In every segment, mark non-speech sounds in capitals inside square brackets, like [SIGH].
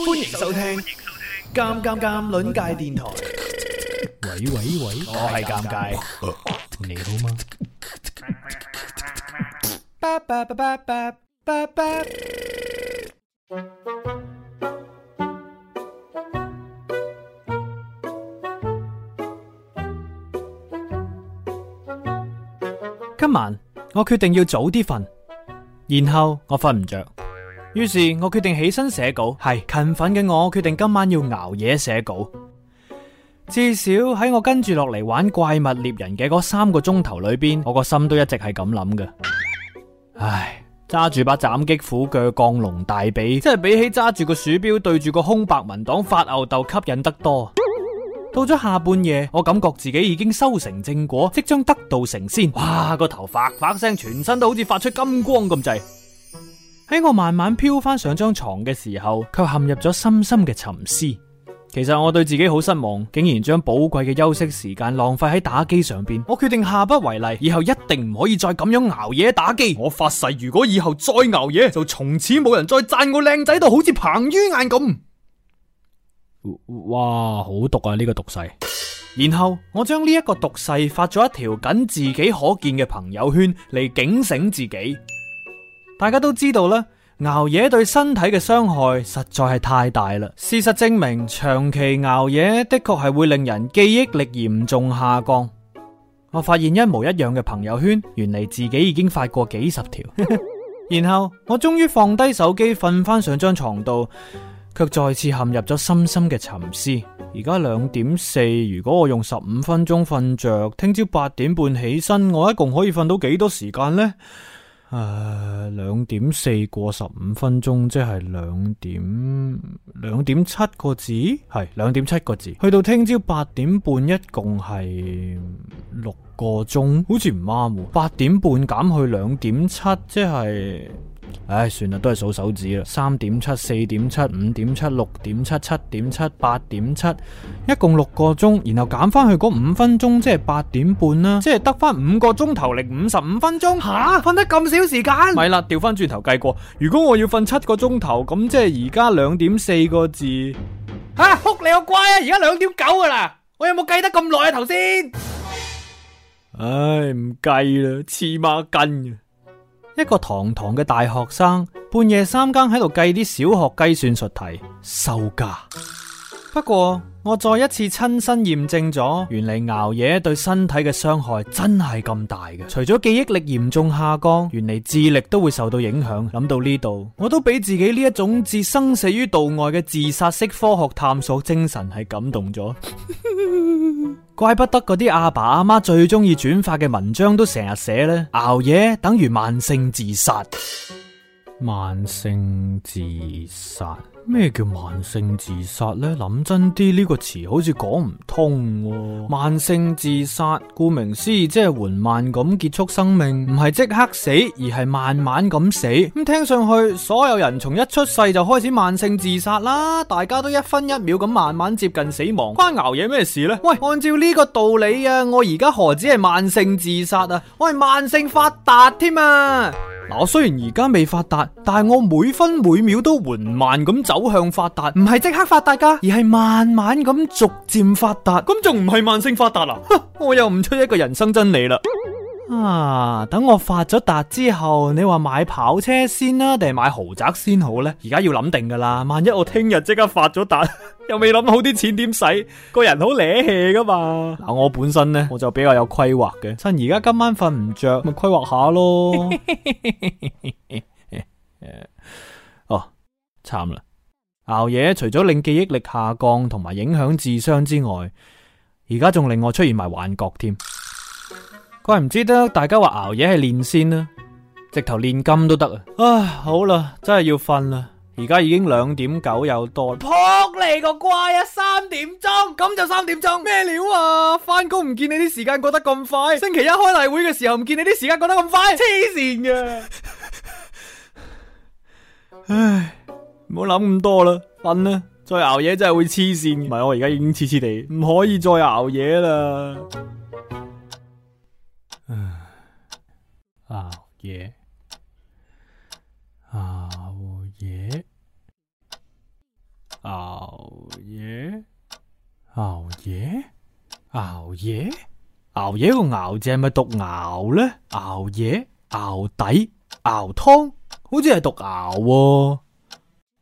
歡迎收聽《尷尷尷》輪界電台。喂喂喂，我係尷尬。你好嗎？今晚我決定要早啲瞓，然後我瞓唔着。於是我決定起身寫稿，係勤奮嘅我決定今晚要熬夜寫稿。至少喺我跟住落嚟玩怪物獵人嘅嗰三個鐘頭裏邊，我個心都一直係咁諗嘅。唉，揸住把斬擊斧嘅降龍大髀，真係比起揸住個鼠標對住個空白文檔發吽逗，吸引得多。到咗下半夜，我感覺自己已經修成正果，即將得道成仙。哇，個頭髮發聲，全身都好似發出金光咁滯。喺我慢慢飄翻上張床嘅時候，卻陷入咗深深嘅沉思。其實我對自己好失望，竟然將寶貴嘅休息時間浪費喺打機上邊。我決定下不為例，以後一定唔可以再咁樣熬夜打機。我發誓，如果以後再熬夜，就從此冇人再贊我靚仔到好似彭于晏咁。哇，好毒啊！呢個毒誓。然後我將呢一個毒誓發咗一條僅自己可見嘅朋友圈嚟警醒自己。大家都知道啦，熬夜對身體嘅傷害實在係太大啦。事實證明，長期熬夜的確係會令人記憶力嚴重下降。我發現一模一樣嘅朋友圈，原來自己已經發過幾十條。 [LAUGHS] 然後我終於放低手機，瞓翻上張床度，卻再次陷入咗深深嘅沉思。而家兩點四，如果我用十五分鐘瞓着，聽朝八點半起身，我一共可以瞓到幾多時間呢？誒，兩、uh，點四過十五分鐘，即係兩點兩點七個字，係兩點七個字，去到聽朝八點半，一共係六個鐘，好似唔啱喎。八點半減去兩點七，即係。唉，算啦，都係數手指啦，三點七、四點七、五點七、六點七、七點七、八點七，一共六個鐘，然後減翻去嗰五分鐘，即係八點半啦，啊，即係得翻五個鐘頭零五十五分鐘。吓，瞓得咁少時間？咪啦，調翻轉頭計過，如果我要瞓七個鐘頭，咁即係而家兩點四個字。吓，哭你個乖啊！而家兩點九噶啦，我有冇計得咁耐啊？頭先，唉，唔計啦，黐孖筋。一個堂堂嘅大學生，半夜三更喺度計啲小學計算術題，羞家。不過。我再一次親身驗證咗，原嚟熬夜對身體嘅傷害真係咁大嘅。除咗記憶力嚴重下降，原嚟智力都會受到影響。諗到呢度，我都俾自己呢一種置生死於度外嘅自殺式科學探索精神係感動咗。怪 [LAUGHS] 不得嗰啲阿爸阿媽最中意轉發嘅文章都成日寫咧，熬夜等於慢性自殺，慢性自殺。咩叫慢性自殺咧？諗真啲，呢、這個詞好似講唔通，哦。慢性自殺，顧名思義，即係緩慢咁結束生命，唔係即刻死，而係慢慢咁死。咁聽上去，所有人從一出世就開始慢性自殺啦，大家都一分一秒咁慢慢接近死亡，關熬夜咩事咧？喂，按照呢個道理啊，我而家何止係慢性自殺啊，我係慢性發達添啊！嗱、啊，我雖然而家未發達，但係我每分每秒都緩慢咁走。走向發達唔係即刻發達噶，而係慢慢咁逐漸發達。咁仲唔係慢性發達啊？我又悟出一個人生真理啦。啊！等我發咗達之後，你話買跑車先啦，啊，定係買豪宅先好呢？而家要諗定噶啦。萬一我聽日即刻發咗達， [LAUGHS] 又未諗好啲錢點使，個人好舐氣噶嘛？嗱，我本身呢，我就比較有規劃嘅。趁而家今晚瞓唔着，咪規劃下咯。 [LAUGHS] 哦，慘啦！熬夜除咗令記憶力下降同埋影響智商之外，而家仲令我出現埋幻覺添。怪唔知得大家話熬夜係練先啦，直頭練金都得啊！唉，好啦，真係要瞓啦。而家已經兩點九有多。撲你個街啊！三點鐘咁就三點鐘咩料啊？返工唔見你啲時間過得咁快。星期一開例會嘅時候唔見你啲時間過得咁快，黐線嘅。 [LAUGHS] 唉。唔好諗咁多啦，瞓啦！再熬夜真係會黐線，唔係我而家已經黐黐地，唔可以再熬夜啦。熬夜，熬夜，熬夜，熬夜，熬夜，熬夜個熬字係咪讀熬咧？熬夜，熬，夜，熬，是是熬，熬，夜熬底熬湯，好似係讀熬、哦。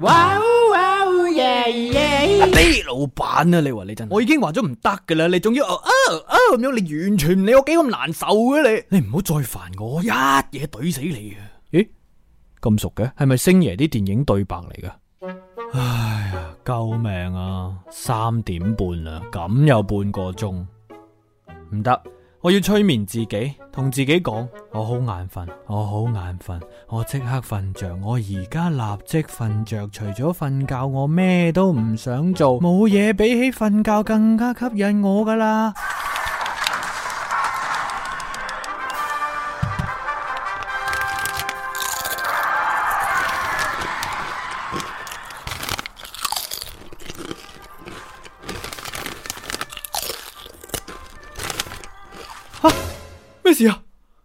哇嗚哇嗚耶耶！你、wow, wow, yeah, yeah. 老闆啊，你話你真係 [LAUGHS] 我已經話咗唔得噶啦，你仲要哦哦哦咁樣，你完全唔理我幾咁難受啊。你，你唔好再煩我，我一嘢懟死你啊！咦咁熟嘅係咪星爺啲電影對白嚟噶？唉呀救命啊！三點半啦，咁有半個鐘唔得。我要催眠自己，同自己講，我好眼瞓，我好眼瞓，我即刻瞓着，我而家立即瞓着，除咗瞓覺，我咩都唔想做，冇嘢比起瞓覺更加吸引我㗎喇。是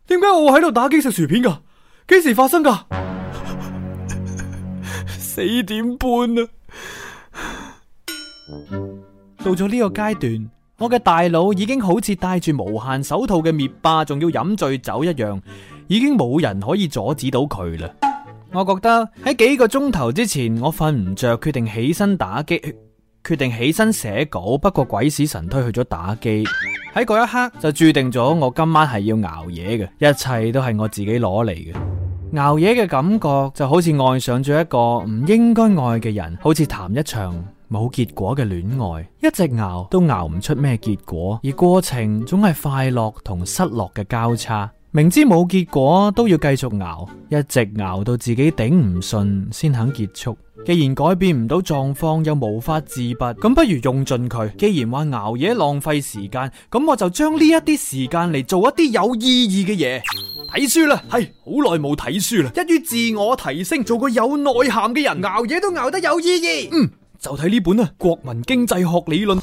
點解我會喺度打機食薯片噶？幾時發生噶？四 [LAUGHS] 點半啦，啊， [LAUGHS] 到咗呢個階段，我嘅大腦已經好似戴住無限手套嘅滅霸，仲要飲醉酒一樣，已經冇人可以阻止到佢啦。我覺得喺幾個鐘頭之前，我瞓唔着，決定起身打機。決定起身寫稿，不過鬼使神推去咗打機。喺嗰一刻就注定咗我今晚係要熬夜嘅，一切都係我自己攞嚟嘅。熬夜嘅感覺就好似愛上咗一個唔應該愛嘅人，好似談一場冇結果嘅戀愛，一直熬都熬唔出咩結果，而過程總係快樂同失落嘅交叉。明知冇結果都要繼續熬，一直熬到自己頂唔順先肯結束。既然改變唔到狀況，又無法自拔，咁不如用盡佢。既然話熬夜浪費時間，咁我就將呢一啲時間嚟做一啲有意義嘅嘢，睇書啦。係，好耐冇睇書啦，一於自我提升，做個有內涵嘅人，熬夜都熬得有意義。嗯，就睇呢本啊，《國民經濟學理論》。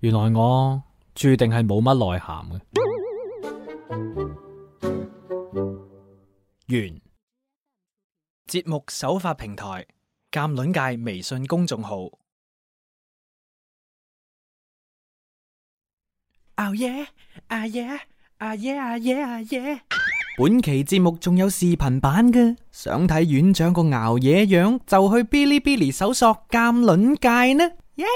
原來我注定係冇乜內涵嘅。完。節目首發平台：鑑卵界微信公眾號。熬夜啊夜啊夜啊夜啊夜。本期節目仲有視頻版嘅，想睇院長個熬夜樣就去嗶哩嗶哩搜索鑑卵界呢。耶！